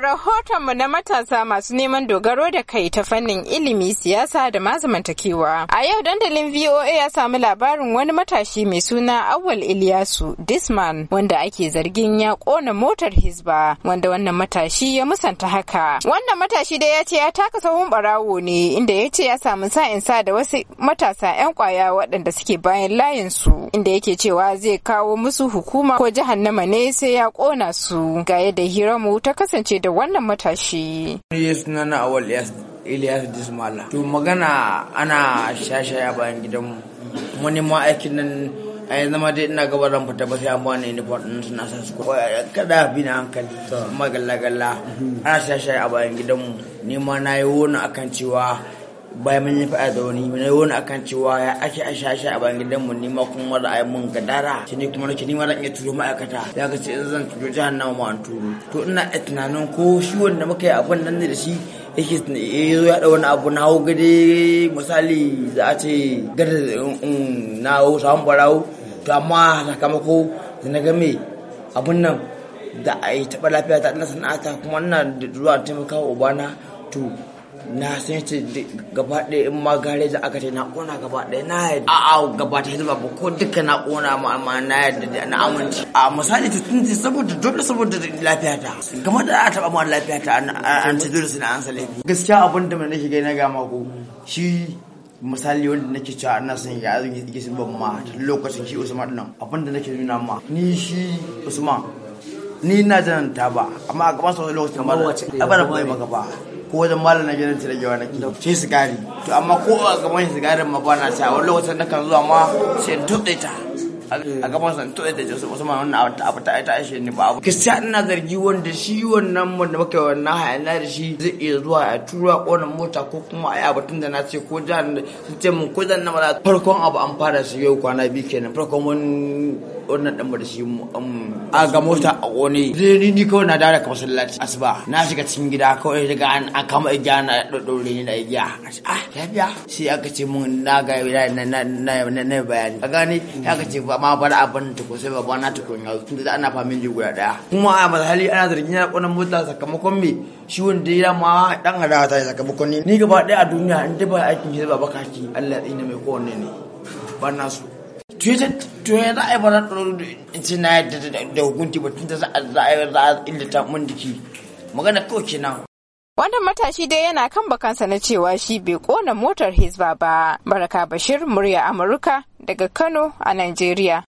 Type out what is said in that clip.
rahoton rahotonmu na matasa masu neman dogaro da kai ta fannin ilimi, siyasa da mazamantakewa. A yau dandalin VOA ya samu labarin wani matashi mai suna Awal Iliyasu Disman wanda ake zargin ya kona motar Hizba wanda wannan matashi ya musanta haka. Wannan matashi da ya ce ya taka sahun barawo ne inda ya ce ya samu sa'in sa da wasu matasa 'yan kwaya waɗanda suke bayan layin su inda yake cewa zai kawo musu hukuma ko jahannama ne sai ya kona su ga yadda hiramu ta kasance da da wannan matashi. Ni sunana Awal Ilyas Dismala. To magana ana shashaya bayan gidanmu. Wani ma aikin nan a yanzu ma dai ina gaba ran fita ba sai an bani eh, ni faɗin suna san su kada bi na hankali magalla galla mhm. ana shashaya a bayan gidanmu. Ni ma na yi wani akan cewa bayan mun yi faɗa da wani ne wani akan cewa ya ake a shashi a bayan gidan mu nima kuma wada ayi mun gadara shi ne kuma nake nima zan iya turo ma'aikata ya ga sai zan turo nan ma an turo to ina tunanin ko shi wanda muka yi abin nan ne da shi yake eh, ya zo ya wani abu na hau gade misali za a ce gada mm, mm, na hau samun barawo to amma sakamako da na game abun nan da a yi taɓa lafiya ta ina sana'ata kuma ina da zuwa taimakawa ubana to na san ce gaba ɗaya in ma za aka ce na ƙona gaba ɗaya na yadda a'a gaba ta hizba ba ko duka na ƙona ma amma na yadda da na amince a misali ta tunce saboda dole saboda lafiya ta game da a taɓa ma lafiya ta an ce dole suna an salafi gaskiya abin da nake gani na gama ko shi misali wanda nake cewa ina son ya yi su ban ma lokacin shi usman ɗin abin da nake nuna ma ni shi usman ni na janan ta ba amma a gaban da lokacin ba da ba da maka ba ko wajen malam na gidan da yawa nake sai sigari to amma ko a gaban sigarin ma bana sha wani lokacin na kan zuwa ma sai in ta a gaban san to da jinsu Usman wannan abu ta abu ta shi ne ba abu gaskiya ina zargi wanda shi wannan da muke wannan hayana da shi zai iya zuwa a tura kona mota ko kuma a yi abu da na ce ko su ce mun ko zan na farkon abu an fara su yau kwana biyu kenan farkon mun wannan dan da shi um, a ga mota a kone zai ni ni kawai na dara kamar sallaci asuba na shiga cikin gida kawai daga an kama igiya na dore ni da igiya ah lafiya sai aka ce mun na ga na na na bayani a gane aka ce ba ma bar abin ta ko sai babana ta kun yanzu da ana famin ji guda daya kuma a mazhali ana zargin yana kona mota sakamakon me shi wanda ya ma dan hadawa ta sakamakon ni ni gaba daya a duniya in da ba aikin shi baba kaki Allah ya tsine mai kowanne ne ba na su twitter to ya za a yi ba na ce na yadda da hukunci ba tunda za a yi za a illata mun diki magana kawai kenan Wannan matashi dai yana kan bakansa na cewa shi bai kona motar Hizba ba. Baraka Bashir, murya Amurka daga Kano a Najeriya.